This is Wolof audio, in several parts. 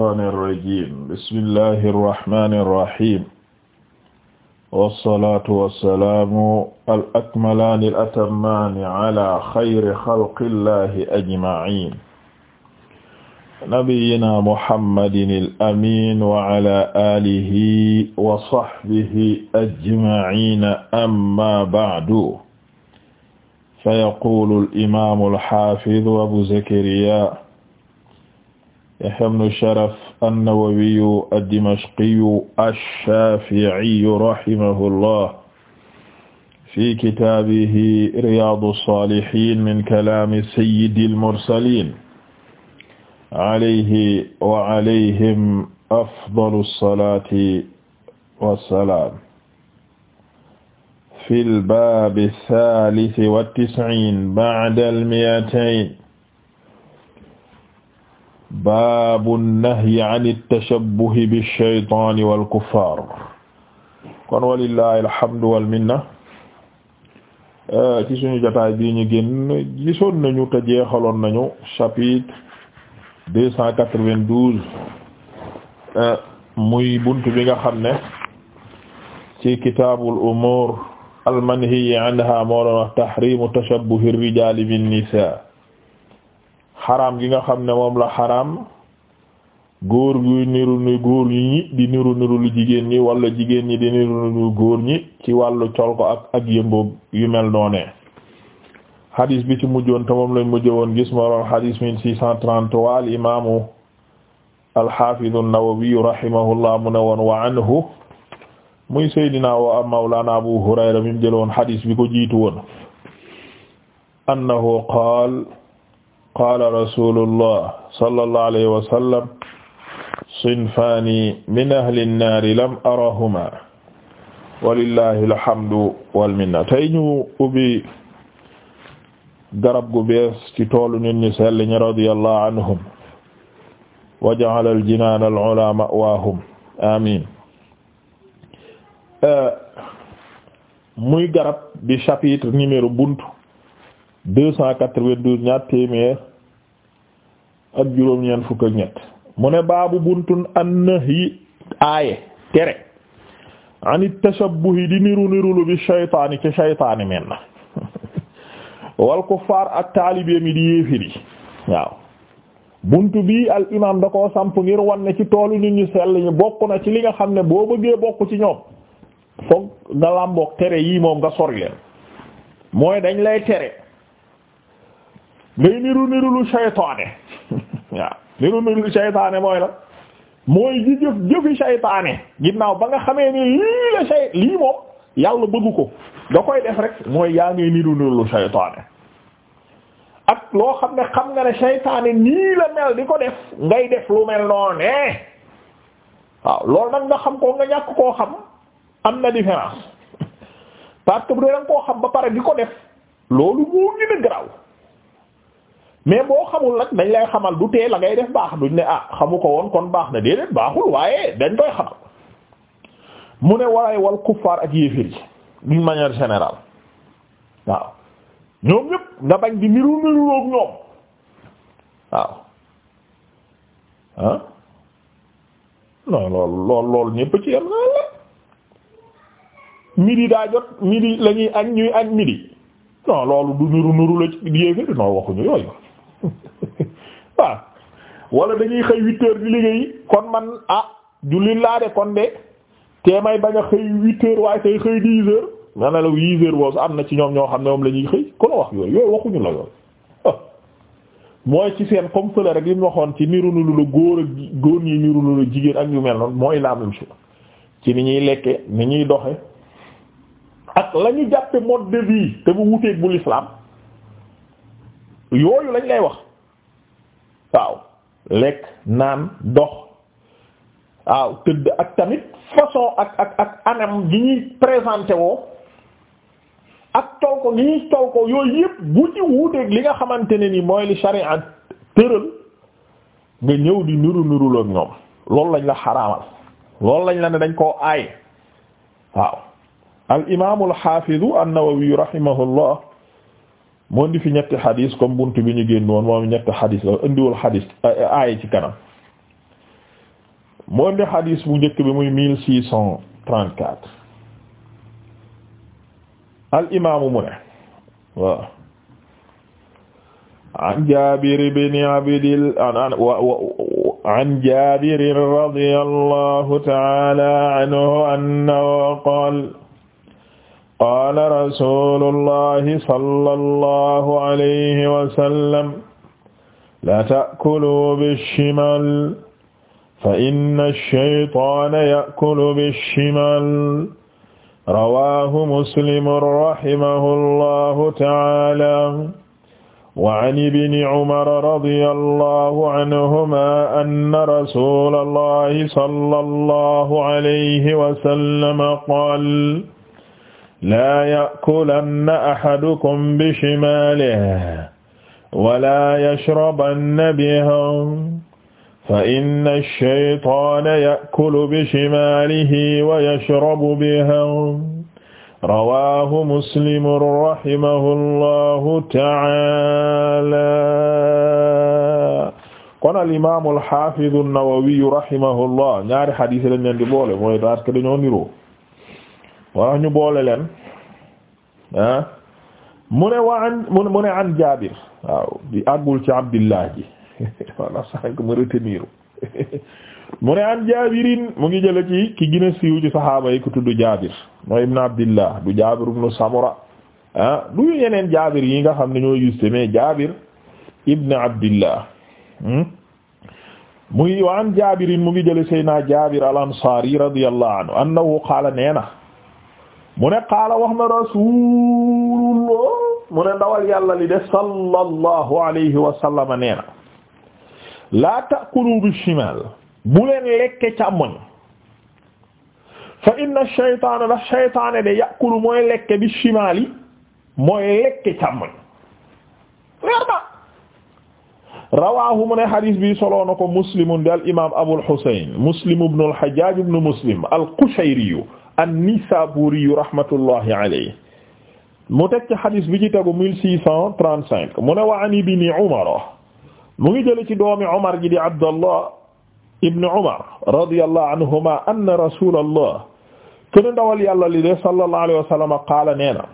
rajim bismillahi irrahmani irrahim walsalatu walsalaamu al akmalaani al atammaani ala xayri xalqillahi ajmain nabiyina mohammadin al amin waala alihi wa sahbihi ajmaina amma ba'du fa yaquulu al imaamu al xaafidu abu zakariya Yahya ibnu Sharaf an-Nawawiyu ad-Dimashqiyu ash-Shaafi'iyu rahimahullah fi kitaabihi Riyaadu s-Saalihiin min kalaami sayyidil mursaliin alayhi wa alayhim afdalu s-salaati wa s-salaam fil baabi s-saalisi wat-tis'iin ba'da l-mi'atayn baabu nahyi an at-tashabbuhi bish-shaytaani wal-kuffaar kon walillaahi alhamdu wal minna ci suñu jotaay bii ñu génn gisoon nañu te jeexaloon nañu chapitre deux cent quatre-vingt-douze eh, muy bunt bi nga xam ne ci kitaabul al-manhiyyi anhaa moo doon wax tahriimu tashabbuhi ar-rijaali bin-nisaa xaraam gi nga xam ne moom la xaraam góor gu niru ni góor ñi di niru niru lu jigéen ñi walla jigéen ñi di niru niru góor ñi ci wàllu col ak ak yëngoo yu mel noonee xadis bi ci mujjoon te moom lañ mujjoon gis moroom xadis mille six cent trente-trois al imaamu alxafidu an-Nawawi mu ne woon wa anhu muy saydina wa mawlana Abu Hurayra mi mu jëloon xadis bi ko jiitu woon annahu qaal qaala rasulullah sallallahu alayhi wa sallam sinfaani min ahli nnaari lam arahuma walillahi alhamdu walminna tey ñu ubbi garab gu bees ci toolu nit ñi sell ñi radiyallahu anhum wa ja'ala al-jinaan al-ulaa ma'waahum amiin euh, muy garab bi chapitre numéro buntu deux cent quatre-vingt-douze ñaar téeméer ak juróom-ñeent fukk ak mu ne baabu buntu an-nahyi aaye tere an at-tashabbuhi di niru nirulu bi shaytaani ci shaytaani men na wal kuffaar ak taalibeem yi di yéefiri waaw buntu bi al imam da koo samp ngir wanne ci toolu nit ñu sell ñu bokk na ci li nga xam ne boo bëggee bokk ci ñoom foog nga làmboog tere yii moom nga sori leen mooy dañ lay tere ngay niru niru lu shaytaane waaw li nu nul seytaane mooy la mooy ji jëf jëfi seytaane ginnaaw ba nga xamee ni lii la sey lii moom yàlla bëggu ko da koy def rek mooy yaa ngi niru nulu seytaane ak loo xam ne xam nga ne seytaane nii la mel di ko def ngay def lu mel noonu waaw loolu nag nga xam ko nga ñàkk koo xam am na différence parce bu dee danga koo xam ba pare di ko def loolu moo gën a garaaw mais boo xamul nag dañ lay xamal du tee la ngay def baax duñ ne ah xamu ko woon kon baax na déedéet baaxul waaye dañ koy xamal mu ne waray wal kuffaar ak yéeféer yi d'une manière générale waaw ñoom ñëpp nga bañ di niru niru ak ñoom ah loolu lool loolu ñëpp la du nuru la ci yéeféer waxuñu yooyu waa wala dañuy xëy huit heures di liggéey kon man ah jullit laa de kon de tee may bañ a xëy huit heures waaye tey xëy dix heures nga ne la huit heures boobu am na ci ñoom ñoo xam ne moom lañuy ñuy xëy kon wax yooyu yooyu waxuñu la yooyu ah. mooy ci seen comme fële rek li waxoon ci niru lu la góor ak góor ñi niru lu la jigéen ak ñu mel noonu mooy la même ci ni ñuy lekke ni ñuy doxe ak la ñu jàppe mode de vie te bu wuteeg bu l'islam yooyu lañ lay wax waaw lekk naan dox waaw tëdd ak tamit façon ak ak ak anam gi ñuy présenté woo ak tol ko gi ñuy tol ko yooyu yëpp bu ci li nga xamante ne ni mooy li sharia tëral nga ñëw di nuru nurul ak ñoom loolu lañ la xaraamal loolu lañ la ne dañ koo aay waaw al imaamul xaafidu an-Nawawi rahimahullah moo indi fi ñetti xadis comme buntu bi ñu génnoon moom ñetti xadis kanam moo indi xadis bu njëkk bi muy mille six cent trente quatre al imaamu mu ne waaw an Jaabir ibn Abdil an Jaabir radiyallahu ta'ala anhu annahu qaala rasuulullahi sallallahu alayhi wa sallam la ta'kulu bishimal fa inna ash-shaytaana ya'kulu bishimal rawaahu muslimun rahimahullahu ta'aala wa an ibni umara radiyallahu anhumaa anna rasuulallahi sallallahu alayhi wa sallam qaala laa ya'kulanna ahadukum bishimaalihi wala yashrabanna bihaa fa inna ash-shaytaana ya'kulu bishimaalihi wa yashrabu bihaa rawaahu muslim rahimahullahu ta'aalaa kon al-imaamu al-haafidu an-nawawi rahimahullah ñaari hadiis lañ leen di boole mooy parce que dañoo niroo wala ñu boole leen ah mu ne wa an mu ne an Jaabir waaw di àggul ci Abdillah ji wala sànq ma retenir mu ne an Jaabirin mu ngi jël ci ki gën a siiw ci saxaaba yi ku tudd Jaabir mooy ibn Abdillah du Jaabir ibn Samura ah du yeneen Jaabir yi nga xam ne ñoo yuste mais Jaabir ibn Abdillah hmm? muy wa an Jaabirin mu ngi jële Seydina Jaabir al-Ansaari radiyallahu anhu annahu qaala nee na mu ne qaala wax na rasulullah mu ne ndawal yàlla li de sallallahu alayhi wa sallama nee na laa ta'kulu bishimal bu leen lekke càmmoñ fa inna shaytaana ndax shaytaane de ya'kulu mooy lekke bi shimali mooy lekke càmmoñ leer na rawaahu mu ne xadis bi soloo na ko muslimun di al imaam abul husayn muslim ibn al hajjaj ibn muslim al qushayri an-Nisaburi rahmatullahi alayhi mu teg ci xadis bi ci tegu mille six cent trente cinq mu ne wa an ibni mu ngi jële ci doomi Umar ji di Abdallah ibni Umar radiyallahu anhuma anna rasulallah kene ndawal yàlla li de sallallahu alayhi wa sallam qaala nee na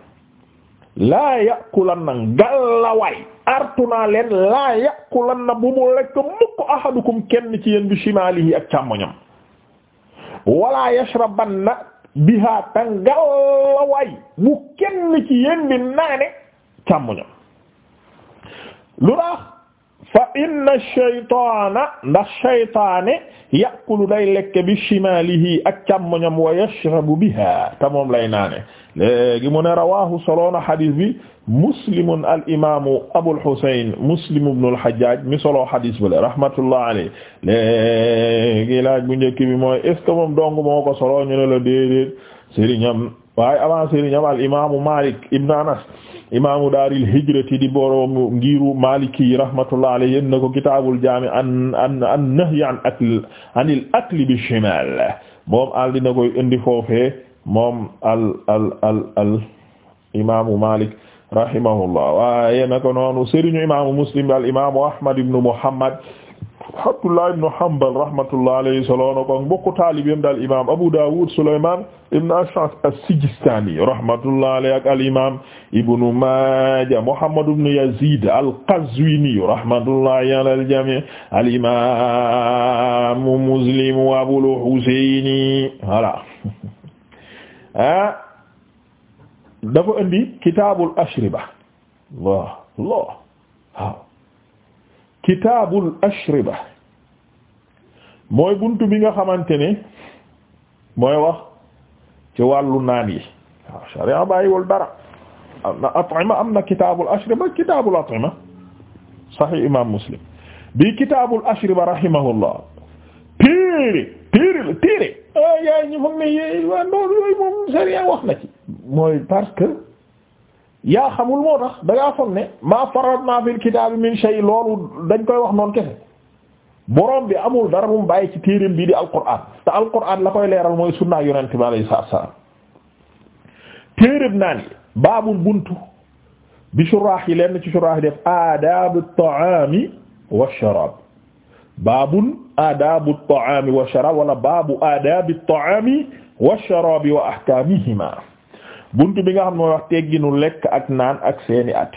laa yakulanna gàllawaay artunaa leen bu mu lekk mukk ahadukum kenn ci yéen bi shimaalihi ak wala yashrabanna bihaa tangalla way bu kenn ci yéen bi naane càmmoñam lu tax fa inna shaytaana ndax shaytaane yàqulu day lekk bi shimaalihi ak càmmoñam wa yashrabu biha te moom lay naane léegi mu ne rawaahu soloona xadis bi muslimun al imaamu abul husayn muslim ibnul hajjaaj mi soloo xadis bi la rahmatullah alayhi léegi laaj bu njëkk bi mooy est ce que moom dong moo ko soloo ñu ne la déedéet sëriñam waaye avant sëriñam al imaamu Malik ibn Anas imaamu daaril hijrati di boroom ngiru Maliki rahmatullah alayhi yéen na ko kitaabul jaami an an an nahyi an akl anil akli bi shimal moom al dina koy indi foofee moom al al al al imaamu Malik rahimahullah waaye na ko noonu sëriñu imaamu Muslim al imaamu Ahmad ibn Muhammad Abdullah ibn Hanbal rahmatullah alayhi solo na ko mbokku taalibeem daal imaam Abu Dawud Sulaymaan ibn Ash'ath as-Sijistani rahmatullah alayhi ak al imaam Ibn Maaja Muhammad ibn Yazid al-Qazwini rahmatullahi ala al-jamii' al imaam Muslim wa Abul Husayni voilà ah dafa indi kitaabul ashriba Allah Allah kitaabul ashriba mooy buntu bi nga xamante ni mooy wax ci wàllu naan yi waaw sharia bàyyiwul dara am a at'ima am na kitaabul ashriba kitaabul at'ima sahih imam muslim bi kitaabul ashriba rahimahullah téere téere la téere yaay ñi foog ne yé waa ndoor yooyu moom wax na ci mooy parce yaa xamul moo tax da ngaa foog ne maa faratna fil kitaabi min shay loolu dañ koy wax noonu kese borom bi amul dara mu bàyyi ci téereem bii di alquran te alquran la koy leeral mooy sunnaa yonent bi alayhi salaam téereeb naa ni baabul buntu bi suraax yi leen ci suraax yi def aadaabu at-ta'aami wa sharaab baabun aadaabu at-ta'aami wa sharaab wala baabu aadaabi at-ta'aami wa sharaab wa ahkaamihima buntu bi nga xam ne mooy wax tegginu lekk ak naan ak seeni at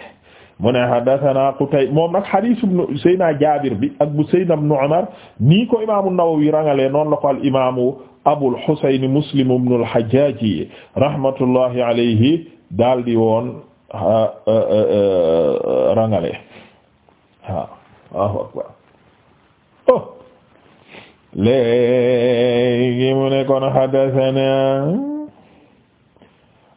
mu ne hadathana Qutay moom nag hadis ibn Seyna Jaabir ak bu Seyna ibn Umar nii ko imaamu Nawawi rangalee noonu la ko al imaamu Abul Husayn Muslim ibn al-Hajjaj rahmatullahi alayhi daal di woon rangalee waaw waaw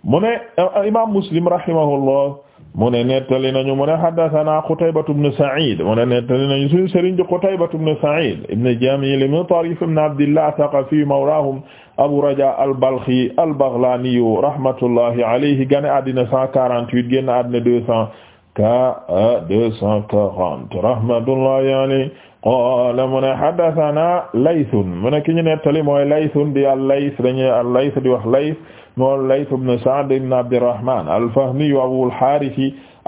mu ne eh, imaam Muslim rahimahullah mu ne nettali nañu mu ne haddathana Qutaybatu ibn Sa'id mu ne nettali nañu suñu sëriñ di Qutaybatu ibn Sa'id ibn Jamil ibn Tarif ibn Abdillah Thaqafi mawlahum Abu Raja al-Balkhi al-Baghlani rahmatullahi alayhi gane àddina 148 génn àddina 200 ka 240 rahmatullahi alayhi qaala mu ne haddathana Laythun mu ne ki ñu nettali mooy Laythun di al-Layth dañuy al-Layth di wax Layth moom Layth ibn Sa'd ibn Abdirrahman al-Fahmi Abul Harith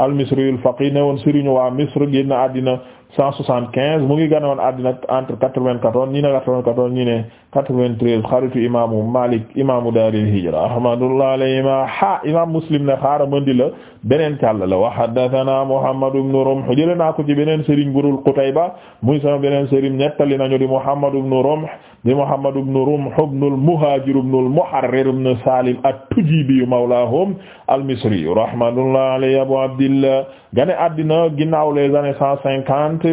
al-Misri al-Faqih ne woon sëriñu waa Misr génn àddina cent soixante quinze mu ngi gane woon àddina entre quatre-vingt-quatorze ñi ne quatre-vingt-quatorze ñi ne quatre-vingt-treize xaritu imaamu Malik imaamu daaril hijra rahmatullah alayhima ha imam Muslim ne xaara mandi la beneen càll la wa haddathana Muhammad ibn Rumh jële naa ko ci beneen sëriñ burul Qutayba muy sama beneen sëriñ nettali nañu di Muhammad ibn Rumh di Muhammad ibn Rumh ibn al-Muhajir ibn al-Muharrir ibn Salim at-Tujibi mawlahum al-Misri rahmatullah alayhi Abu Abdillah gane àddina ginnaaw les années cent cinquante te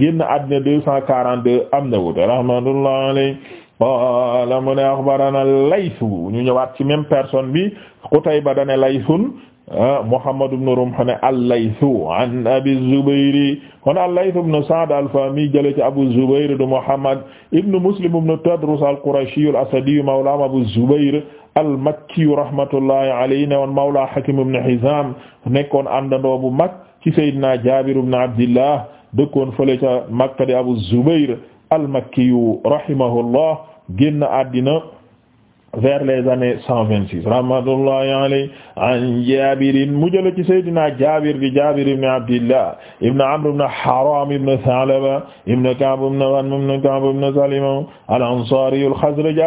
génn àddina deux cent quarante deux am na wute rahmatullah alayhi qala mu ne akhbarana laysu ñu ñëwaat ci même personne bi Qutayba dane laysun ah, Muhammad ibn Rumh ne al-Laythu an Abi Zubayr kon al-Layth ibn Sa'd al-Fahmi jële ci Abu Zubayr du Muhammad ibn Muslim ibn Tadrus al-Qurashi al-Asadi mawla Abu Zubayr al-Makki rahmatullahi alayhi ne woon mawla Hakim ibn Hizam nekkoon àndandoo bu mag ci Sayyidina Jabir ibn Abdillah dëkkoon fële ca Makka di Abu Zubayr al-Makki rahimahullah génn àddina vers les années cent vingt six rahmatullahi alayhi an jabirin mu jële ci saydina jabir bi jabir ibn abdillah ibn amr ibn haram ibn thalaba ibn ka'b ibn ghanm ibn ka'b ibn salima al ansari al khazraj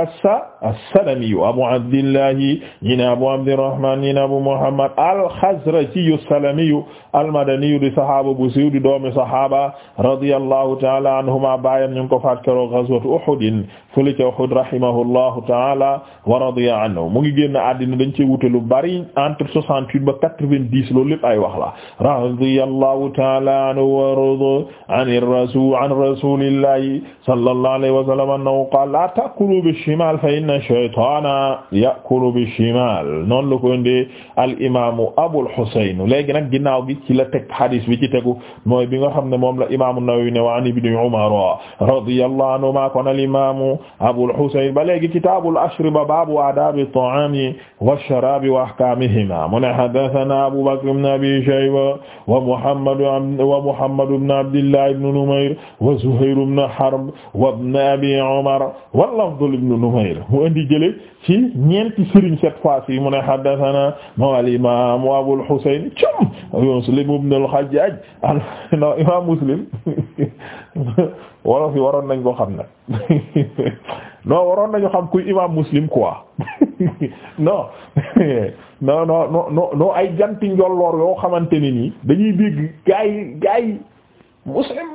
as-salami abu abdillah ñi ne abu abdirrahman ñi ne abu muhammad al khazraji as-salami al madani di sahaba bu siiw di doomi sahaba radiyallahu ta'ala anhuma baayam ñu ko faat keroog ghazwat uhud fële ca uhud rahimahullahu ta'ala wa radiya anhu mu ngi génn àddina dañ cee wute lu bari entre soixante-huit ba quatre-vingt-dix loolu lépp ay wax la radiyallahu ta'ala anhu wa radu ani rasul an rasulillahi sallallahu alayhi wa sallam annahu qala la ta'kulu bishimal fa inna shaytana ya'kulu bishimal noonu la ko indee al imamu abul husayn léegi nag ginnaaw gi ci la teg hadis bi ci tegu mooy bi nga xam ne moom la imamu nawawi ne wa an ibni umar radiyallahu anhuma kon al imamu abul husayn ba léegi kitabul ashriba wa baabu aadaabi ta'aami wa sharaabi wa ahkaamihimaa mu ne haddasanaa Abuu Bakr ibn Abii Shayba wa Muhammad wa Muhammad ibn Abdillah ibn Numayr wa Zuhayr ibn Harb wa ibn Abii Umar wa lafzu ibn Numayr mu indi jële ci ñeenti sëriñ cette fois-ci mu ne haddasanaa moo al-imaam Abul Husayn Muslim ibn al-Hajjaaj imaam Muslim wala fi waroon nañ ko xam nag non waroon nañu xam kuy imam muslim quoi non non non non ay janti njolloor yoo xamante ne nii dañuy dégg gaa yi gaa yi muslim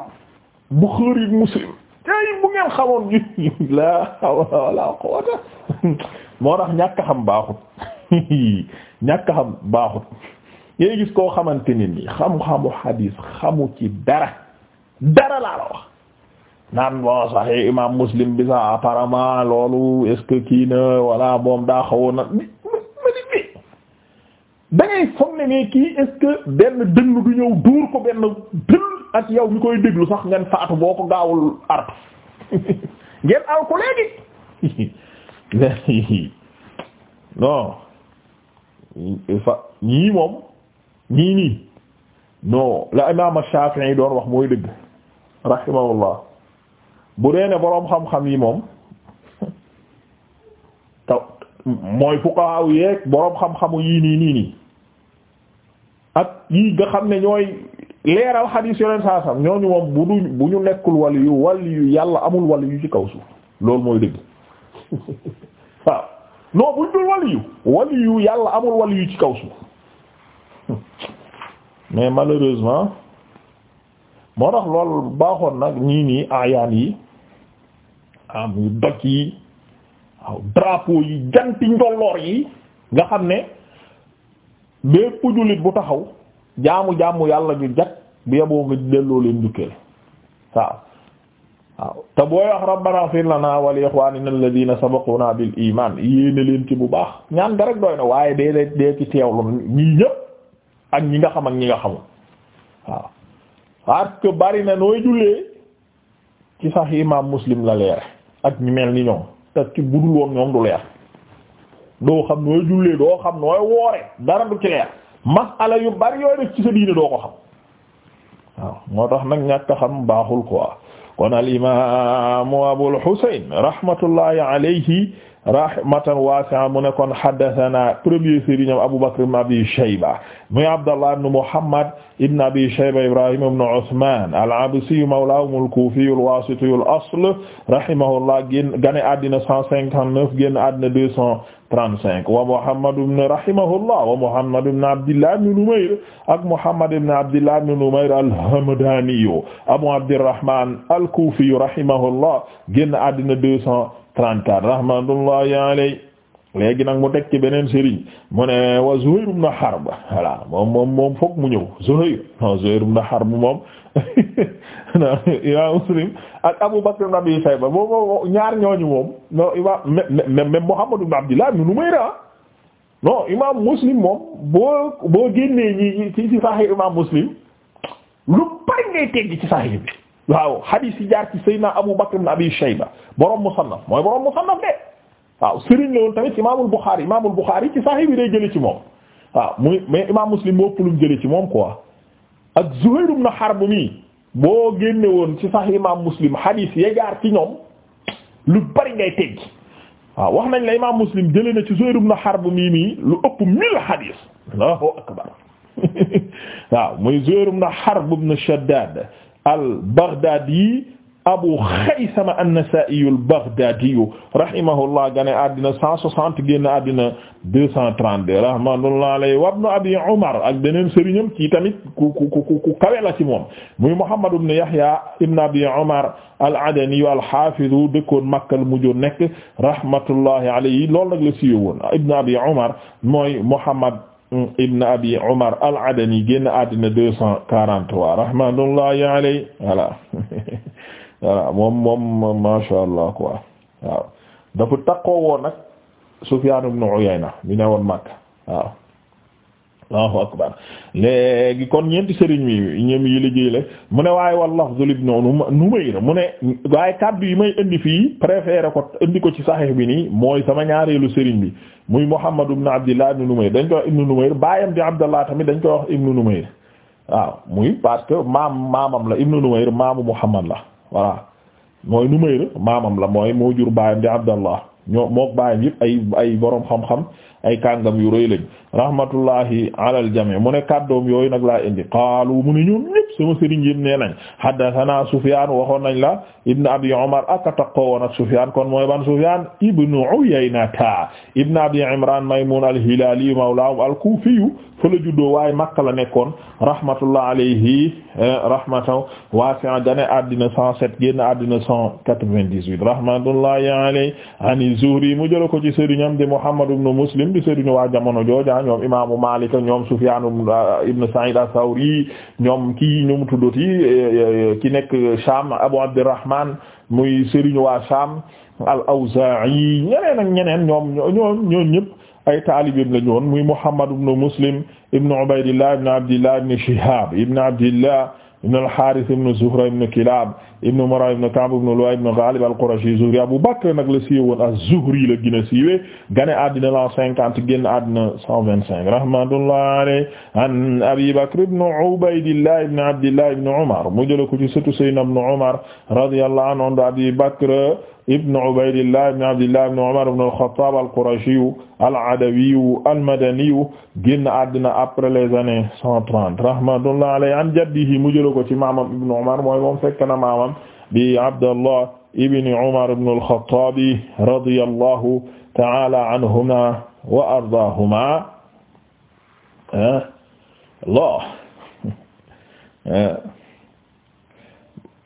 Bukhari muslim bu ngeen xamoon ñu la moo tax ñàkk xam baaxut ñàkk xam baaxut ngay gis koo xamante ne nii xam-xamu hadis xamu ci dara dara laa la wax naan bon Sahih imam Muslim bi sax apparemment loolu est que kii na walla moom daa xawoon na mi mi da ngay foog ne ne kii est que benn dënn du ñëw duur ko benn dënn ak yow mi koy déglu sax ngeen faatu boo ko gaawul artu ngeen aw ko léegi non fa moom ñii nii non la imam Shafi'i doon wax mooy dëgg rahimahullah bu dee ne boroom xam-xam yi moom taw mooy fuqaha yeeg boroom xam-xamu yii nii nii nii ak yii nga xam ne ñooy leeral xadiis yoneen saa sam ñooñu moom bu du ñu nekkul wàllu yu wàllu yu yàlla amul wàllu yu ci kaw suuf loolu mooy dëgg waaw non yàlla amul wàllu yu kaw mais malheureusement moo tax loolu baaxoon nag ñii nii ayaan yi am yu doj yi waaw drapeau yi janti njolloor yi nga xam ne bépp jullit bu taxaw jaamu jaamu yàlla ñu jag bu yeboo nga delloo leen njukkee waaw waaw te booy wax rabbana fir lana wa li ikhwanina alladhina sabaquna bil iman yéene leen ci bu baax ñaan nga rek doy na waaye dee dee dee ci teewlu ñii ñëpp ak ñi nga xam ak ñi nga xamul waaw parce que bari na nooy jullee ci sax imam muslim la leere ak ñi mel ni ñoom te ci budul woon ñoom du leer doo xam nooy jullee doo xam nooy woore dara du ci leer masala yu bari yooyu def ci sa diine doo ko xam waaw moo tax nag ñàkk xam baaxul quoi kon al imaamu Abul Husayn rahmatullahi alayhi rahmatan waasi'a mu ne kon haddathana premier sëriñam Abu Bakr ibn Abi Shayba muy Abdallah ibn Muhammad ibn Abi Shayba Ibrahim ibn Usman al-Absi mawlahum al-Kufi al-Wasiti al-asl rahimahullah génn gane àddina 159 génn àddina 200 35 wa Muhammad ibn rahimahullah wa Muhammad ibn Abdillah ibn Numayr ak Muhammad ibn Abdillah ibn Numayr al-Hamdani Abu Abdirrahman al-Kufi rahimahullah génn àddina 234 rahmatullahi alayhi léegi nag mu teg ci beneen sëriñ mu ne wa Zuhayr ibn Harb voilà moom moom moom foog mu ñëw Zuhayr non Zuhayr ibn Harb moom imam Muslim ak Abu Bakr ibn Abi Shayba boobu ñaar ñooñu moom non imam même Muhammad ibn Abdullah ibn Numayra ah. non imam Muslim moom boo boo génnee ñi ci ci Sahih imam Muslim lu bari ngay tegg ci Sahih bi waaw hadith yi jaar ci Seydina Abu Bakr ibn Abi Shayba borom musannaf mooy borom musannaf de waaw Serigne la woon tamit imaamul Bukhari imaamul Bukhari ci Sahih bi day jële ci moom waaw muy mais imam Muslim moo ëpp lu ci moom quoi. ak Zuhayr ibn Harb mi boo génne woon ci Sahih Imam Muslim hadith ya jaar ci ñoom lu bari ngay tegg waaw wax nañ la Imam Muslim jëlee na ci Zuhayr ibn Harb mi mi lu ëpp mille hadith Allahu akbar waaw muy Zuhayr ibn Harb ibn Shaddad al-Baghdadi Abu Xaysama an-Nasaa'iyu al-Baghdaadiyu rahimahullah gane àddina 160 génn àddina 232 rahmatullahi alayhi wa ibnu Abi Umar ak beneen sëriñam ci tamit ku ku ku ku kawe la ci moom muy Muhammad ibn Yahya ibn Abi Umar al-Adaniyu al-Haafidu dëkkoon Makka la mujj nekk rahmatullahi alayhi loolu nag la siiwee woon ibn Abi Umar mooy Muhammad ibn Abi Umar al-Adani génn àddina 243 rahmatullahi alayhi voilà voilà moom moom masha Allah quoi waaw dafa takkoo woon nag Sufyan ibn Uyayna mi ne woon Makka waaw Allahu akbar léegi kon ñeenti sëriñ mi ñoom yi liggéey la mu ne waaye wal lafzu ibn Numayr mu ne waaye kaddu yi may indi fii préféré ko indi ko ci Sahih bi nii mooy sama ñaareelu sëriñ bi muy Muhammad ibn Abdillah ibn Numayr dañ koy wax ibn Numayr baayam di Abdallah tamit dañ koy wax ibn Numayr waaw muy parce que maam maamam la ibn Numayr maamu la voilà mooy Numayr maamam la mooy moo jur baayam di Abdallah mook baayam yëpp ay ay boroom xam-xam ay kàngam yu rëy lañ rahmatullahi alal jami mo ne kaddoom yooyu nag laa indi qaalu mu ne ñoom ñëpp sama sëriñ yëpp nee nañ haddathana Sufyaan waxoon nañ la ibn Abi Umar aka taqowoon ak Sufyaan kon mooy ban Sufyaan ibn Uyayna ibn Abi Imraan Maymuun al-Hilaali mawlaahum al-Kuufi fa la juddoo waaye Makka la nekkoon rahmatullah alayhi rahmatan waasi'a gane àddina 107 génn àddina 198 rahmatullahi alayhi an az mu jël ko ci sëriñam Muhammad ibn Muslim ñun di seeduñu waa jamono jooja ñoom imaamu Maalik ñoom Sufyaan ibn Sa'iid as-Sawri ñoom kii ñu mu tuddati ki nekk Shaam Abu Abdurrahmaan muy seeduñu waa Shaam al-Awzaa'i ñeneen ak ñeneen ñoom ñoom ñoom ay taalibeem la ñu muy Muhammad ibn Muslim ibn Ubaydillah ibn Abdillah ibn Shihaab ibn Abdillah ibn al-Harith ibn Zuhra ibn Kilab ibn Murra ibn Ka'b ibn Lu'ay ibn Ghalib al-Qurashi Zuhri Abu Bakr nag la siiwoon az-Zuhri la gën a siiwee gane àddina la cinquante génn àddina cent vingt-cinq rahmatullahi alayhi an Abi Bakr ibn Ubaydillah ibn Abdillah ibn Umar mu jël ko ci sëtu Sayyidina ibn Umar radiyallahu anhu an Abi Bakr ibn Ubaydillah ibn Abdillah ibn Umar ibn al-Khattab al-Qurashiyu al-Adawiyu al-Madaniyu génn àddina après les années cent trente rahmatullahi alayhi an jaddihi jëla ko ci maamam ibnu Umar mooy moom fekk na maamam bi Abdallah ibni Umar ibn al-Khattab radiyallahu ta'ala anhuma wa ardaahuma eh? Allah eh?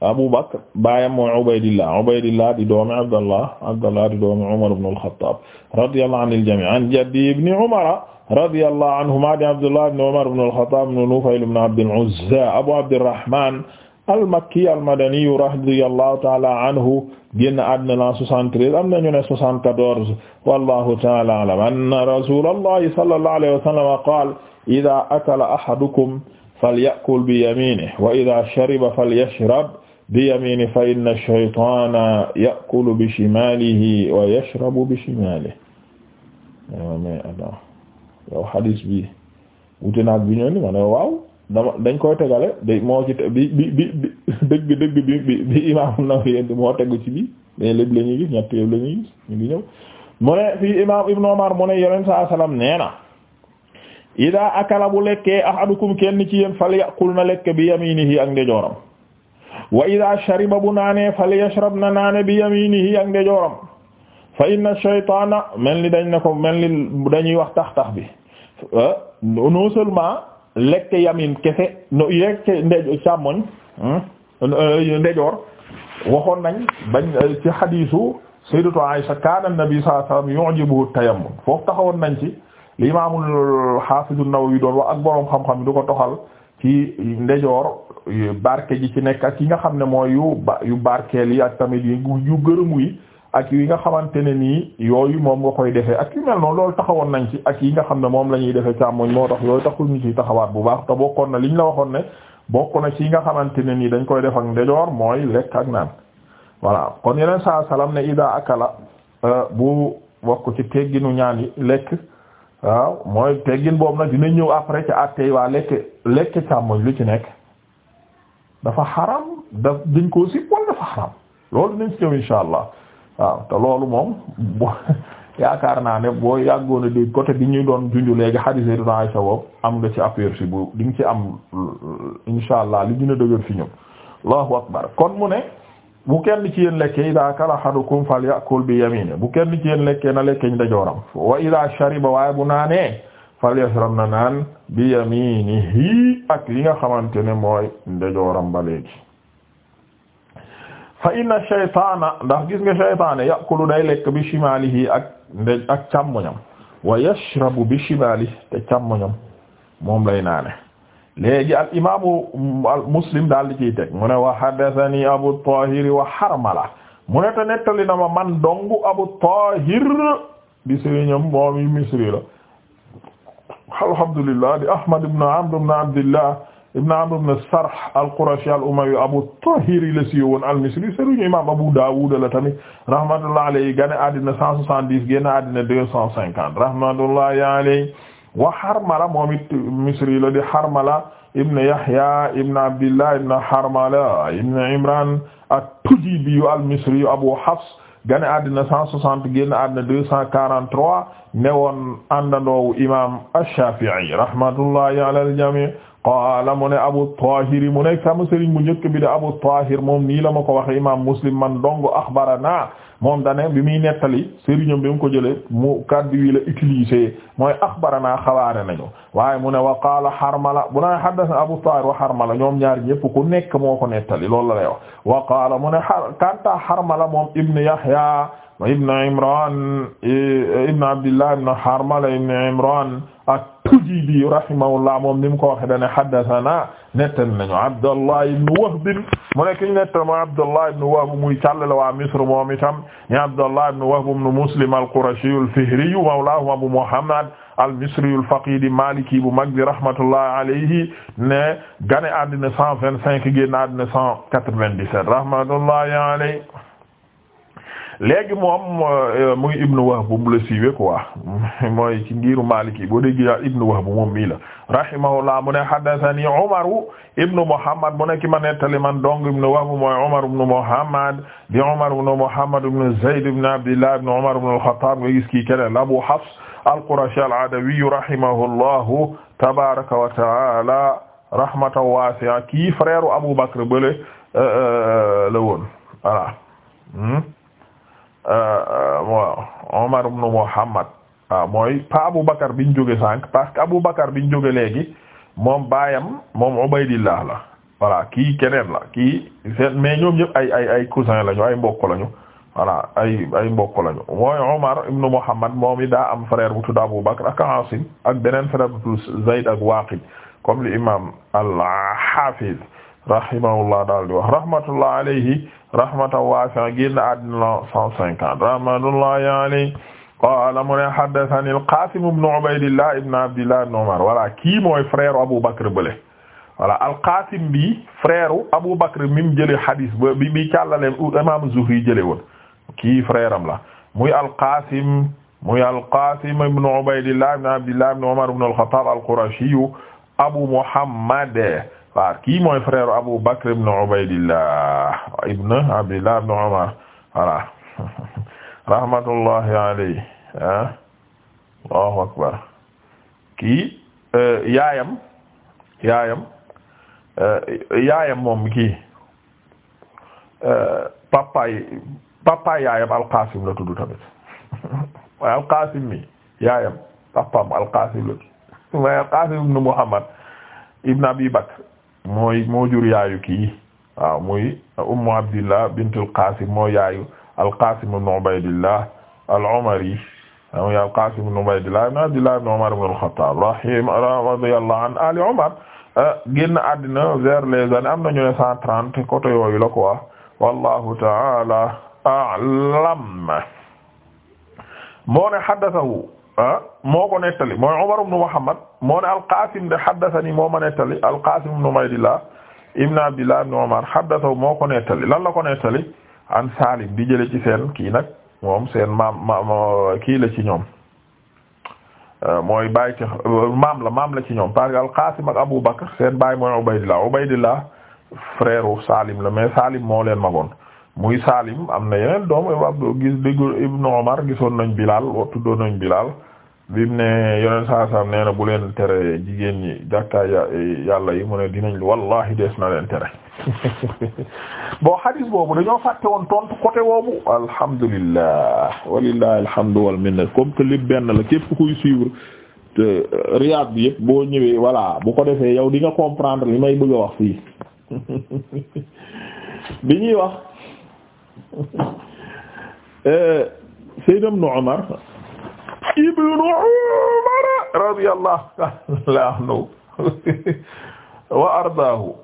Abu Bakr baayam mooy Ubaydillah Ubaydillah di doomi Abdallah Abdallah di doomi Umar ibn al-Khattab radiyallahu anil jami' an jaddi ibn Umar radiyallahu anhuma di Abdallah ibn Umar ibn al-Khattab ibn Nufayl ibn Abd al-Uzza Abu Abdirrahman al-Makki al-Madani radiyallahu ta'ala anhu génn àddina la 73 am nañu ne 74 wallahu ta'ala a'lam anna rasulallahi sallallahu alayhi wa sallam qala idha akala ahadukum falyakul bi yaminihi wa idha shariba falyashrab bi yamini fa inna shaytaana yakulu bi shimalihi wa yashrabu bi shimalihi mais attends bi wute naag bi ñoon ni ma ne waaw dama dañ koy tegale da moo ci bi bi bi dëgg dëgg bi bi bi imam Nawawi moo tegu ci bi mais lépp la ngi ñëw mu ne fii imam Ibn mu ne yeneen saa salaam nee na ida akala bu lekkee ahadukum kenn ci yéen fal yaqul na lekk bi yaminihi ak ndejooram wa idaa shariba bu naanee falyashrab na naane bi yaminihi ak ndejooram fa inna shaytaana mel ni dañ ne ko mel ni dañuy wax tax tax bi euh, non seulement lekk yamin kese no lekk nde càmmoñ hmm, euh, ndejoor waxoon nañ bañ euh, ci xadiisu sayyidatu Aisha kaana nabi sallallahu alayhi wasallam yu'jibu tayammum foofu taxawoon nañ ci li imaamul xaafizu Nawawi doon wax ak boroom xam-xam du ko toxal ci ndejoor barke ji ci nekk ak yi nga xam ne mooy yu ba yu barkeel yi ak tamit yu yu gërëmu yi ak yi nga xamante ne nii yooyu moom nga koy defee ak yu mel noonu loolu taxawoon nañ ci ak yi nga xam ne moom la ñuy defee càmmoñ moo tax yooyu taxul ñu ci taxawaat bu baax te bokkoon na ñu la waxoon ne bokk na ci yi nga xamante ne nii dañ koy def ak ndejoor mooy lekk ak naan voilà kon yeneen saa salaam ne ida akala euh, bu bokk ci tegginu ñaan yi lekk waaw mooy teggin boobu nag dina ñëw après ca àttee waa lekk lekk càmmoñ lu ci nekk dafa xaram daf dañ koo si dafa xaram loolu dinañ ci ñëw insha allah waaw te loolu moom yaakaar naa ne boo yàggoon a di côté bi ñuy doon junju léegi xarisee du naa sa bopp am nga ci aperçu bu di nga ci am insha allah li dina dëgër fi ñëw allahu akbar kon mu ne bu kenn ci yéen lekkee idaa kala ahadukum falyakul bi yamini bu kenn ci yéen lekkee na lekkee ndeyjooram wa idaa shariba waaye bu naanee falyashrab na naan bi yaminihi ak li nga xamante ne mooy ndeyjooram ba léegi. fa inna shaytaana ndax gis nga shaytaane yakulu day lekk bi shimaalihi ak ndey ak càmmoñam wa yashrabu bi shimaalihi te càmmoñam moom lay naane. léegi al imaamu al muslim daal di ciy teg mu wa haddathani abu tahir wa harmala mu ne te nettali na ma man dong abu tahir di sëriñam moom yi misri la alhamdulillah di ahmad ibn amr ibn abdillah ibn amr ibn sarh al-qurashi al-umawi abu tahir la si al-misri sëriñu imam abu dawud la tamit rahmatullah alayhi gane àddina cent soixante-dix génn àddina deux cent cinquante rahmatullah alayhi wa Harmala moom it Misri la di Harmala ibn Yahya ibn Abdillah ibn Harmala ibn Imran at-Tujibi al-Misri Abu Hafs gane àddina 160 génn àddina 243 newoon àndandoowu imam ash-Shafi'i rahmatullahi ala al-jami' qaala mu ne Abu Tahir mu ne sama sëriñ bu njëkk bi de Abu Tahir moom nii la ma ko waxe imaam Muslim man dong axbarana moom dane bi muy nettali sëriñam bi mu ko jële mu kaddu yi la utilisé mooy axbarana xabaare nañu waaye mu ne wa qaala Harmala bu naa haddasa Abu Tahir wa ñoom ñaar ñëpp ku nekk moo ko nettali loolu la wa qaala mu ne kanta Harmala moom ibn Yahya ibn Imran ibn Abdillah ibn Harmala ibn Imran al-Kujibi rahimahullah moom ni mu ko waxee dane haddathana nettal nañu Abdallah ibn Wahb mu nekk ñu nettal mooy Abdallah ibn Wahb muy càllale waa Misr moom itam ñu Abdallah ibn Wahb ibn Muslim al-Qurashi al-Fihri mawlahum Abu Muhammad al-Misri al-Faqidi Maliki bu mag bi rahmatullahi alayhi ne gane àddina 125 génn àddina 197 léegi moom euh, muy ibnu Wahb bu mu la siiwee mooy ci ngiru Maliki boo dégg ibnu Wahb bu moom mii la rahimahullah mu ne haddathani Umar ibnu Muhammad mu ne ki ma nettali man dong ibnu Wahb mooy Umar ibnu Muhammad di Umar ibnu Muhammad ibnu Zayd ibnu Abdillah ibnu al-Khattab nga gis kii keneen Abu Hafs al-Qurashi al-Adawi rahimahullahu tabaraka wa taala rahmatan wasi'a Abu Bakr bële euh, euh, la woon hmm? Euh, euh, Omar ibn Muhammad waaw ah, mooy pa Abu Bakar biñ jóge sànq parce que Abu Bakar biñ jóge léegi moom baayam moom Ubaydillah la voilà kii keneen la kii seen mais ñoom ñëpp ay ay ay cousin lañu ay mbokk lañu voilà ay ay mbokk lañu mooy Omar ibn Muhammad moom it am frère bu tudd Abu Bakr ak ak beneen frère bu tudd Zayd ak Waqid comme l'imam al-Hafiz rahimahullah daal di wax rahmatullah alayhi rahmatan waasi'a génn àddina cent cinquante rahmatullahi alayhi qaala mu ne haddathani al-Qaasim ibn Ubaydillah ibn Abdillah ibn Umar voilà kii mooy frère Abu Bakr bële voilà al-Qaasim bi frère Abu Bakr mi mu jëlee hadis ba bi bi càllale imaam Zuhri jëlee woon kii frère am la muy al-Qaasim muy al-Qaasim ibn Ubaydillah ibn Abdillah ibn Umar ibn al-Khattab al-Qurashi Abu Muhammad waaw kii mooy frère Abu Bakr ibn Ubaydillah ibn Abdillah ibn Umar voilà rahmatullahi alayhi ah. Allahu akbar kii eh, yaayam yaayam eh, yaayam moom kii eh, papaay papaay yaayam Al-Qasim la tudd tamit waaye Al-Qasim mi yaayam papaam Al-Qasim la tudd waaye Al-Qasim ibn Muhammad ibn Abi mooy moo jur yaayu kii waaw muy bint alqasim moo yaayu alqasim ibn ubaydillah al-umari muy alqasim ibn ubaydillah ibn abdillah ibn umar ibn al-khattab rahim ali umar eh, génn àddina vers les années am nañu ne cent trente côté yooyu la quoi wallahu ta'ala a'lam moo ne haddathahu moo ko nettali mooy Umar ibn Muhammad moo ne al-Qasim de haddathani moo ma nettali al-Qasim ibn Ubaydillah ibn Abdillah ibn Umar haddathahu moo ko nettali lan la ko nettali an ci seen kii nag moom seen maam kii la ci ñoom euh, mooy baay ci euh, la ci ñoom parce Abu Bakr seen baay mooy Ubaydillah la mais Salim moo leen magoon muy na yeneen doom nañ Bilal tuddoon nañ bim ne yoneen saasam nee na bu leen tere jigéen ñi jàkkaay e, yàlla yi mu ne dinañ wallahi dees na leen tere bon hadis boobu dañoo fàtte woon tontu côté woobu alhamdulillah walillahi alhamdu wal minna comme que lépp benn la képp kuy suivre te euh, Riyad bi yëpp boo ñëwee voilà bu ko defee yow di nga comprendre li may bëgg a wax fii bi ñuy wax euh, Seydou Ibn Omar ibnu Umar radiyallahu wa ardaahu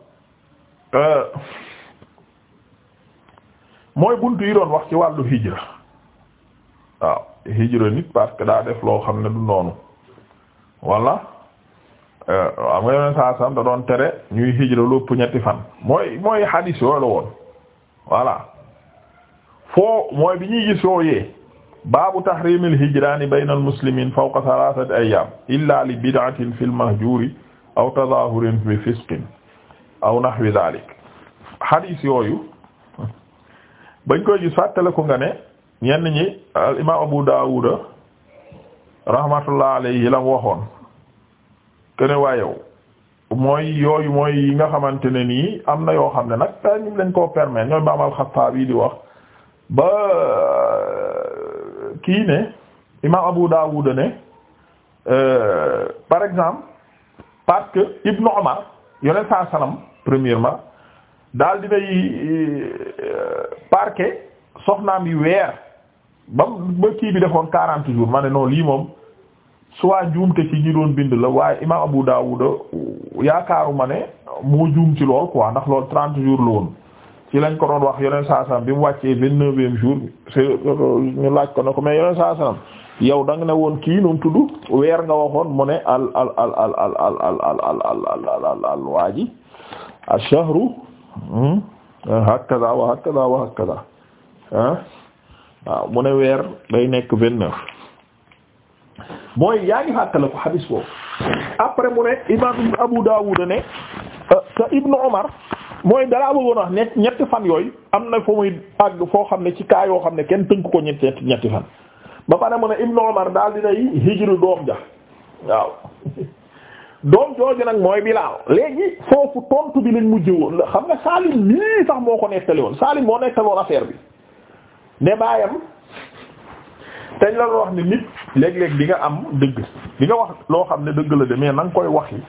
mooy buntu yi doon wax ci wàllu hijra waaw hijra nit parce daa def loo xam ne du noonu walla waaw nga yoneen saa sam da doon tere ñuy hijra lopp ñetti fan mooy mooy hadis yooyu la woon voilà foo mooy bi ñuy gis yooyee baabu tahrimil hijraani baynal muslimiin fawqa salaasati ayyaam illaa li bid'atin fil mahjuuri aw tazaahurin bi fisqin aw nahwi zaalik hadith yooyu bañ koy gis fàttale ko nga ne ñenn ñi al imaam Abu Daawud rahmatullah alayhi la waxoon kene waayow mooy yooyu mooy yi nga xamante ne nii am na yoo xam ne nag dañu leen koo permettre ñooy maamal Xattaabi di wax kii ne imam Abu Dawud ne euh, par exemple parce que Ibnu Umar yoneen saa sanam premièrement daal dinay euh, parquet soxnaam yi weer ba ba kii bi defoon quarante jours ma ne non lii moom soit njuumte ci ñi doon bind la waaye imam Abu Dawud yaakaaruma ne moo juum ci lool quoi ndax loolu trente jours la woon ci lañ ko doon wax yeneen saa salaam bi mu wàccee vingt-neuvième jour bi c'est ñu laaj ko ne ko mais yeneen saa yow da ne woon kii nu mu tudd weer nga waxoon mu ne al al al al al waaji ash-shahru hakaza wa hakaza wa waaw mu ne weer day nekk vingt-neuf mooy yaa ngi fàttaliku ko hadis boobu après mu ne imam Abu Dawud ne te Ibn Umar mooy dalaa bëggoon wax ñett ñetti fan yooyu am na foo muy àgg foo xam ne ci kaa yoo xam ne kenn tënk ko ñetti ñetti fan ba pare mu ne Ibnu Umar daal dinay hijru doom ja waaw doom jooju nag mooy Bilaal léegi foofu tontu bi lañ mujj woon xam nga Saalim nii sax moo ko nettali woon Saalim moo nettali woon affaire bi ne baayam teñ la wax ni nit léeg-léeg di nga am dëgg di nga wax loo xam ne dëgg la de mais na nga koy wax yi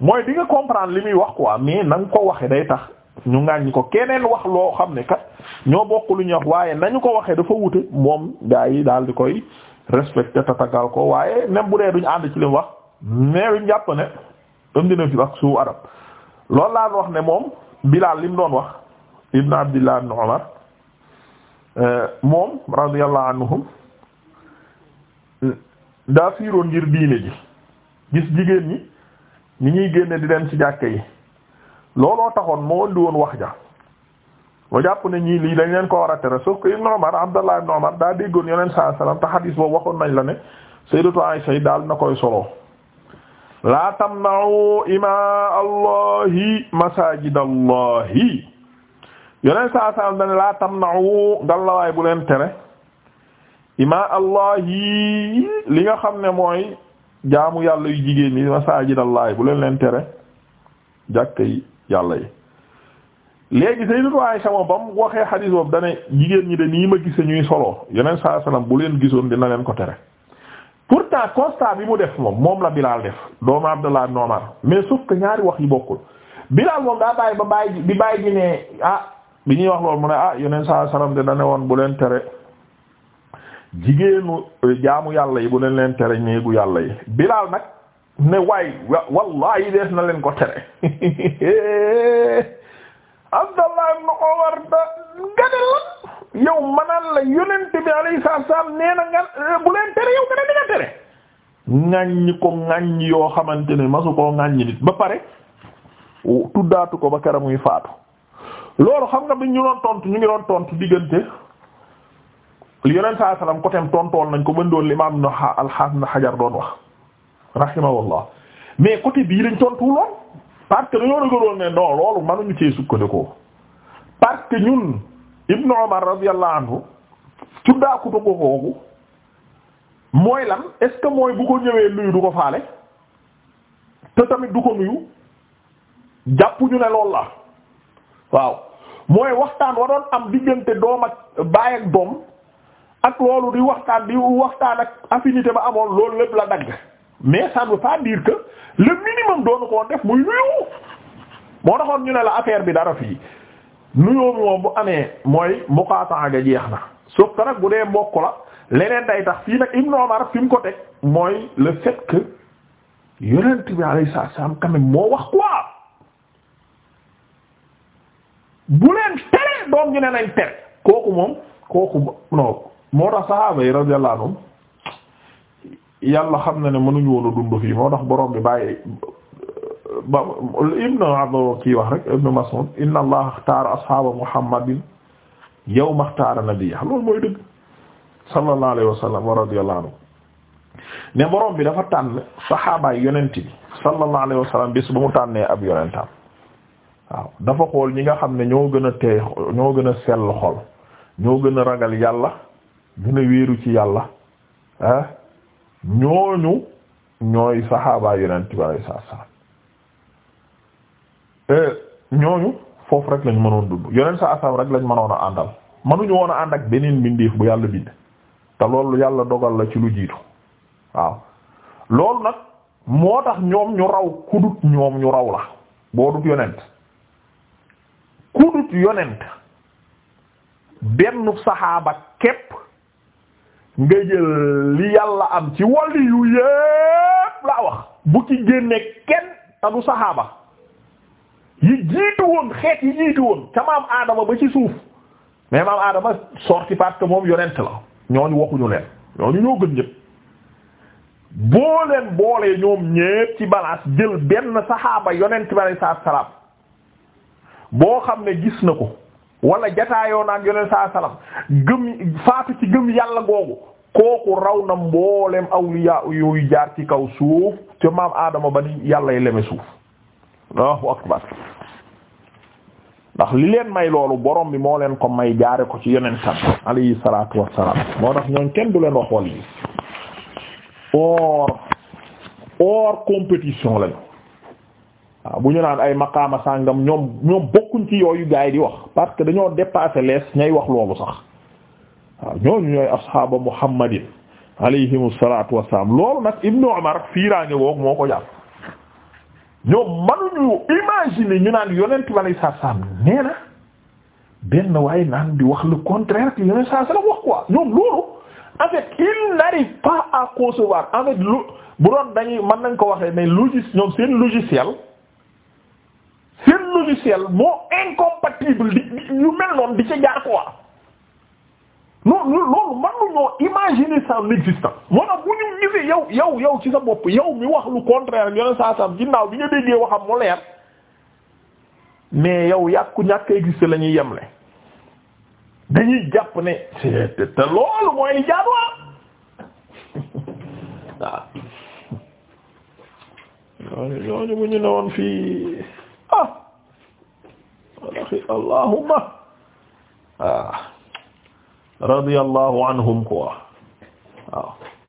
mooy di nga comprendre li muy wax quoi mais na nga ko waxee day tax ñu ngàññi ko keneen wax loo xam ne kat ñoo bokk lu ñuy wax waaye nañu ko waxee dafa wute moom gaa yi daal di koy respecté tatagal ko waaye même bu dee duñu ànd ci li mu wax mais luñ jàpp ne indi na fi wax suu arab loolu laa wax ne moom Bilaal li mu doon wax ibn Abdillah ibn Umar euh, moom radiyallahu anhum daa fiiroon ngir diine ji gis jigéen ñi ñi ñuy génne di dem ci jàkke yi looloo taxoon moo indi woon wax ja ba jàpp ne ñii lii dañ leen ko war a tere sauf que Ibn Umar Abdallah Ibn Umar daa déggoon yoneen saa salaam te xadiis boobu waxoon nañ la ne Sayyidatu Aisha yi daal na koy solo laa tamna'u imaa allahi masajid allahi yoneen saa salaam dañ laa tamna'u ngallawaay bu leen tere imaa allahi li nga xam ne mooy jaamu yàlla yu jigéen ñi masaajidallahi bu leen leen tere jàkka yi yàlla yi léegi sayyidatu Aysa moom ba mu waxee xadiis boobu dane jigéen ñi de nii ma gise ñuy solo yeneen saa salaam bu leen gisoon dina leen ko tere pourtant constat bi mu def moom moom la Bilaal def doomu Abdallah ibn Umar mais sauf que ñaari wax yi bokkul Bilaal moom daa bàyyi ba bàyyi bi bàyyi ji ne ah bi ñuy wax loolu mu ne ah yeneen saa salaam de dane woon bu leen tere jigéenu euh, jaamu yàlla yi bu leen leen tere néegu yàlla yi Bilaal nag ne waay wallahi dees na leen ko tere Abdallah ibn Umar yow manaan la yonent bi alayhi salaam nee na nga euh, bu leen tere yow nga ne dina tere ŋàññ ko ŋàññ yoo xamante ne masu koo ŋàññ nit ba pare tuddaatu ko ba kera muy faatu loolu xam nga bi ñu doon tontu ñu ngi doon tontu diggante yonent saa salaam ko tem nañ ko bëndoon li imaam na alxaam na xajar doon wax rahimahullah mais côté bii lañ tontuwuloon parce que dañoo rëgaloon ne non loolu mënuñu cee sukkandikoo parce que ñun Ibnu Umar radiyallahu anhu cuddaakutu ko kooku mooy lan est-ce que mooy bu ko ñëwee nuyu du ko faale te tamit du ko nuyu jàpp ñu ne loolu la waaw mooy waxtaan wa doon am diggante doom ak baay ak doom ak loolu di waxtaan di waxtaan ak affinité ba amoon loolu lépp la dagg mais ça ne veut pas dire que le minimum doonu koo def muy nuyu moo taxoon ñu ne la affaire bi dara fii nuyoo moom bu amee mooy muqataa ga jeex na sauf que nag bu dee mbokk la leneen day tax fii nag Ibn Umar fi mu ko teg mooy le fait que yonent bi alayhi salaam quand même moo wax quoi bu leen tere doom ñu ne nañ tere kooku moom kooku non moo tax saxaaba yi radiyallahu anhum yàlla xam na ne mënuñu woon a dund fii moo tax borom bi bàyyi ba ibnu Abd kii wax rek ibnu Mas'ud inna allah axtaara ashaaba muhammadin yawma axtaara nabiyya loolu mooy dëgg sallallahu alayhi wa sallam wa radiyallahu anhu ne borom bi dafa tànn saxaabaay yonent bi sallallahu alayhi ba mu tànnee ab yonentam waaw dafa xool ñi nga xam ne ñoo gën a teey ñoo gën a sell xol ñoo gën a ragal yàlla gën a wéeru ci yàlla ah ñooñu ñooy saxaaba yonent bi alayhi salaam eh, ñooñu foofu rek lañ mënoon dund yonent sa asam rek lañ mënoon a àndal mënuñu woon a ànd ak beneen mbindeef bu yàlla bind te loolu yàlla dogal la ci lu jiitu waaw loolu nag moo tax ñoom ñu raw kudut ñoom ñu raw la boo dut yonent kudut yonent benn saxaaba képp nga jël li yàlla am ci wàlli yu yépp laa wax bu ci génne kenn te du yi jiitu woon xeet yi jiitu woon ca maam aadama ba ci suuf mais maam aadama sorti parce que moom yonent la ñooñu waxuñu leen ñooñu ñoo gën ñëpp boo leen boolee ñoom ñépp ci balance jël benn saxaaba yonent bi alayhi salaam boo xam ne gis na ko wala jataayoo naan yoneen saa salaam gëm faatu ci gëm yàlla googu kooku raw na mboolem awliya yooyu jaar ci kaw suuf te maam aadama ba ni yàllay leme suuf ndax li leen may loolu borom bi moo leen ko may jaare ko ci yeneen tam alayhi salaatu wassalaam moo tax ñooñ kenn du leen wax wal yi or compétition lañu waaw bu ñu naan ay maqaama sàngam ñoom ñoom bokkuñ ci yooyu yi di wax parce que dañoo dépassé lees ñay wax loolu sax waaw ñooñu ñooy ashaaba muhammadin alayhimu salaatu wassalaam loolu nag ibnu umar fiiraange woog moo ko jàpp ñoom manuñu imaginer ñu naan yonent bi alayhi salaam nee benn waaye naan di wax le contraire que yonent saa salaam wax quoi ñoom loolu en fait il n'arrive pas à concevoir en fait bu doon dañuy mën nañ ko waxee mais logis seen logiciel logiciel moo incompatible di yu mel noonu di ci jaar quoi non loolu man lu ñoo imaginer son existence moo tax bu ñu gisee yow yow yow ci sa bopp yow mi wax lu contraire yoneen saa sam ginnaaw bi nga déggee waxam mu leer mais yow yàqu ñàkk exister la ñuy yemle dañuy jàpp ne te loolu mooy li jaaduwaa ah. waaw ñu ne woon fii ah. axi allahumma waaw ah. radiyallahu anhum quoi waaw ah.